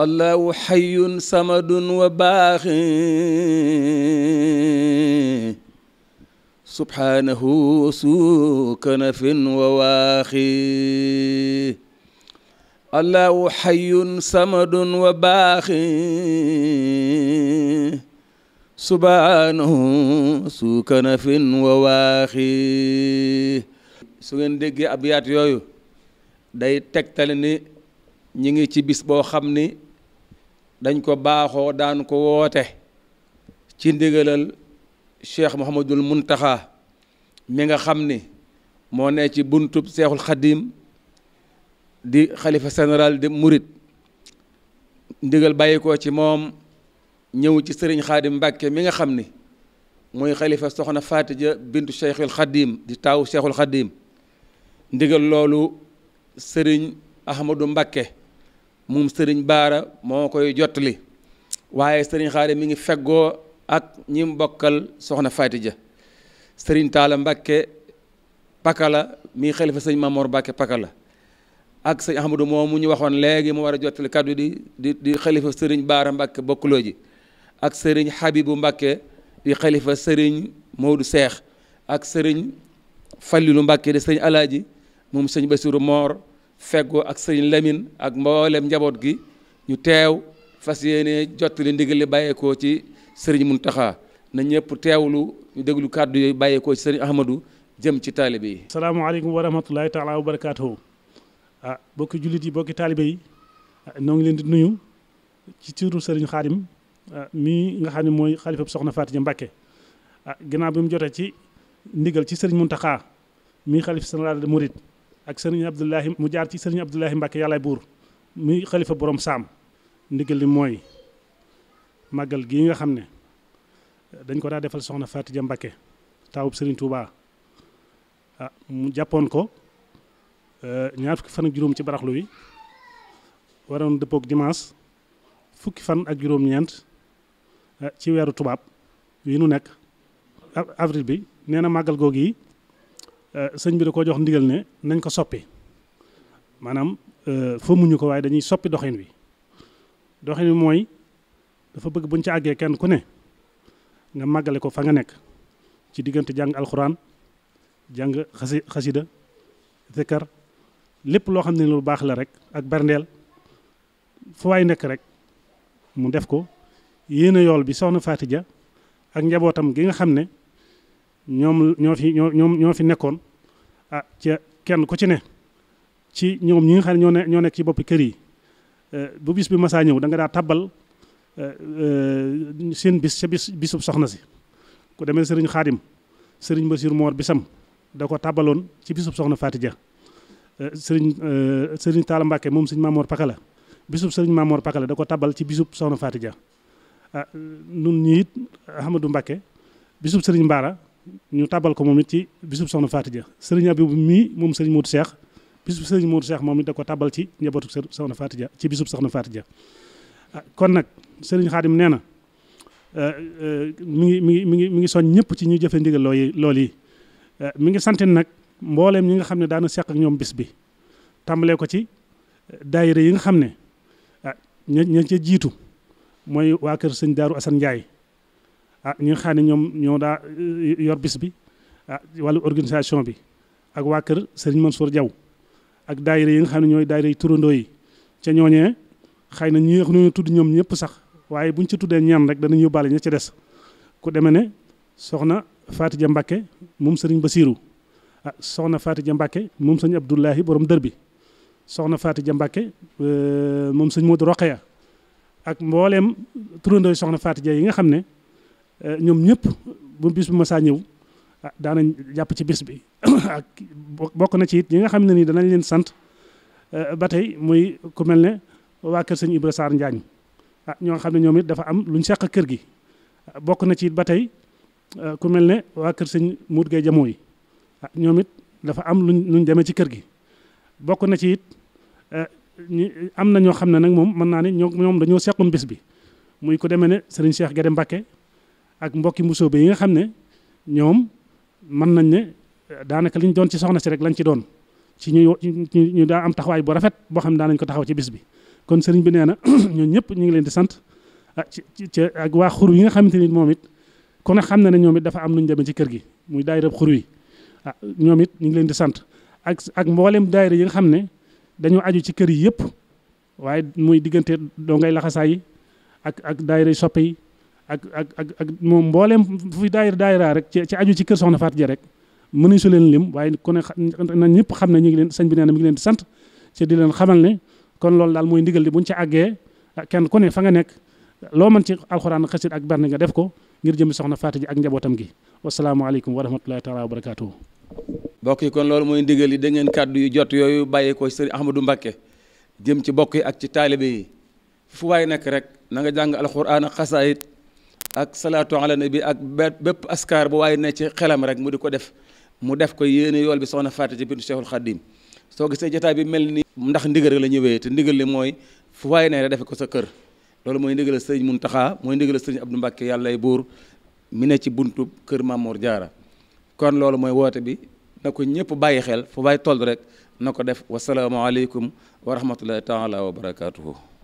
allahu xayun samadun wa baaxi subhaanahu suukanafin wa waaxi allahu xayun samadun wa waaxi su ngeen déggee ab yaat yooyu day tegtale ni ñi ngi ci bis boo xam ni dañ ko baaxoo daan ko woote ci ndigalal cheikh Mouhamadul Muntaxa mi nga xam ni moo ne ci buntub seexul xadim di xalifa sénéral de murit ndigal bàyyi ko ci moom ñëw ci sëriñ xaadim mbàkke mi nga xam ni muy xalifa soxna ja bintu cheikhul xadim di taawu cheikhul xadim ndigal loolu sëriñ ahmadu mbàkke moom sëriñ baara moo koy jottali waaye sëriñ xaari mi ngi feggoo ak ñi mu soxna Faati Ja sëriñ Taala Mbàkke Pakala mi xalifa sëñ Mamoor Mbàkke la ak sëñ Ahmadu moom mu ñu waxoon léegi mu war a jottali kàddu di di di xalifa sëriñ baara Mbàkke bokkuloo ji ak sëriñ Habibu Mbàkke di xalifa sëriñ Moodu Seex ak sëriñ Fallilu Mbàkke di sëñ Alaaji moom sëñ Basiru Moor feggoo ak sëriñ Lamine ak mboolem njaboot gi ñu teew fas yéene jottali ndigal li bàyyeekoo ci sëriñ Muntaxa na ñëpp teewlu ñu déglu kàddu yooyu bàyyeekoo ci sëriñ Ahmadou jëm ci taalibe yi. salaamaaleykum wa rahmatulahi taala wa barakaatuhu ah bokki jullit yi bokki taalibe yi ah, noo ngi leen di nuyu ci turu sëriñ Xaadim ah, mii nga xam ne mooy xalifa soxna Faatija mbakke ah bi mu jotee ci ndigal ci sëriñ Muntaxa mii xalif général de ak sëriñ Abdoulahi mu jaar ci sëriñ Abdoulahi Mbacke yàllaay buur muy xalifa borom saam ndigal li mooy màggal gii nga xam ne dañ ko daa defal soxna Fatou Dia Mbacke taawub sëriñ Touba ah, mu jàppoon ko eh, ñaar fukki fan ak juróom ci baraxlu wi waroon dëppook dimanche fukki fan ak juróom-ñeent eh, ci weeru tubaab yi nu nekk avril bi nee na màggal googu yi Euh, sëñ bi da koo jox ndigal ne nañ ko soppi maanaam euh, fëmmuñu ko waaye dañuy soppi doxin wi doxin wi mooy dafa bëgg buñ ci àggee kenn ku ne nga màggale ko fa nga nekk ci diggante jàng alxuraan jàng xasi xasida zikar lépp loo xam ne lu baax la rek ak barndeel fu waay nekk rek mu def ko yéen a yool bi soxna Faatija ak njabootam gi nga xam ne ñoom ñoo fi ñoo ñoom ñoo fi nekkoon ah ca kenn ku ci ne ci ñoom ñi nga xam ne ñoo ne ñoo nekk ci boppi kër yi eh, bu bis bi masaa ñëw da nga daa tabbal eh, eh, seen bis sa bis bisub soxna si ku demee sëriñ xaadim sëriñ Basiir Moor bisam da ko tàbbaloon ci bisub soxna Faatija sëriñ sëriñ Taala Mbàkke moom sëriñ Maamoor Pakala bisub sëriñ Maamoor Pakala da ko tabbal ci bisub soxna Faatija ah nun ñi it Ahmadou Mbàkke bisub sëriñ Mbaara ñu tabal ko moom it ci bisub soxna Faati Ja sëriñ bu mii moom sëriñ Moodu Seex bisub sëriñ Moodu Seex moom it da ko tabal ci njabootu soxna Faati Ja ci bisub soxna Faati Ja ah, kon nag sëriñ Xaadim nee na eh, eh, mi ngi mi ngi mi ngi mi ngi soñ ñëpp ci ñu jëfe ndigal loo yi loolu eh, yi mi ngi santin nag mbooleem ñi nga xam ne daana seq ak ñoom bis bi tàmbalee ko ci daayira yi nga xam ne ah ña ña ca jiitu mooy waa kër sëñ Daaru Asan Njaay ah ñu nga ne ñoom ñoo daa eh, yor bis bi ah wàllu organisation bi ak waa kër Serigne Mansour Diaw ak daayira yi nga xam ne ñooy daayira yi turandoo yi ca ñooñee xëy na ñi ñu tudd ñoom ñëpp sax waaye buñ ci tuddee ñaan rek danañ bale ña ci des ku demee ne soxna Faatija Mbàkke moom Serigne Basiiru ah soxna Faatija Mbàkke moom sëñ Abdoulahi borom dër bi soxna Faatija Mbàkke eh, moom sëñ Modou Roqeya ak mbooleem turandoo soxna Faatija yi nga xam ne Eh, ñoom ñëpp bu bis bu ma saa ñëw ah, daanañ jàpp ci bis bi ak bokk na ci it ñi nga xam ne nii danañ leen sant eh, ba tey muy ku ne waa kër sëñ ah, ñoo xam ne ñoom it dafa am lu ñu seq kër gi ah, bokk na ci ba tey eh, ku ne waa kër sëñ Mour Gueye Jamoo yi ñoom it dafa am luñ luñ demee ci kër gi bokk na ci it am na ñoo xam ne nag moom mën naa ne ñoom dañoo seqoon bis bi muy ku demee ne sëriñ Cheikh Guédé Mbacké ak mbokki musóobe yi nga xam ne ñoom mën nañ ne eh, daanaka liñ doon ci soxna si rek lañ ci doon ci ñu ñu daa am taxawaay bu rafet boo xam ne daanañ ko taxaw ci bis bi kon sëriñ bi nee na ñoom ñëpp ñu ngi leen di sant ah, ak waa xur yi nga xamante ni moom it kon nag xam na ne ñoom it dafa am nuñ demee ci kër gi muy daayira xur yi ah ñoom it ñu ngi leen di sant ak ak mboolem daayira yi nga xam ne dañoo aju ci kër yi yëpp waaye muy diggante doo ngay laxasaay yi ak ak daayira soppe yi ak ak ak ak moom mbooleem fu daayir daayira rek ci aju ci kër soxna Fatou ji rek mënuñ su leen lim waaye ku ne na ñëpp xam ne ñu ngi leen sëñ bi nee na ngi leen di sant ci leen xamal ne kon lool daal mooy ndigal di buñ ci àggee ah, kenn ku ne fa nga nekk loo man ci alxuraan xasit ak berne nga def ko ngir jëm soxna Fatou Dia ak njabootam gi wasalaamaaleykum wa rahmatulahi taala wa barakaatuhu mbokk yi kon loolu mooy ndigal yi da ngeen kàddu yu jot yooyu bàyyee ko sëriñ Ahmadou jëm ci bokk yi ak ci taalibe yi fu rek na nga jàng alxuraan ak xasaayit ak salaatu na bi ak bépp askar bu waaye ne ci xelam rek mu di ko def mu def ko yéene yool bi soxna Faati ci bintu Cheikhul Khadim soo gisee jotaay bi mel ni ndax rek la ñëwee te ndigal li mooy fu waaye ne rek defe ko sa kër loolu mooy ndigal sëñ taxaa mooy ndigal sëñ Abdou Mbàkke yàllay buur mu ne ci buntu kër Mamour Diarra kon loolu mooy woote bi na ko ñëpp bàyyi xel fu bàyyi toll rek na ko def wasalaamaaleykum wa rahmatullahi taala wa barakaatuhu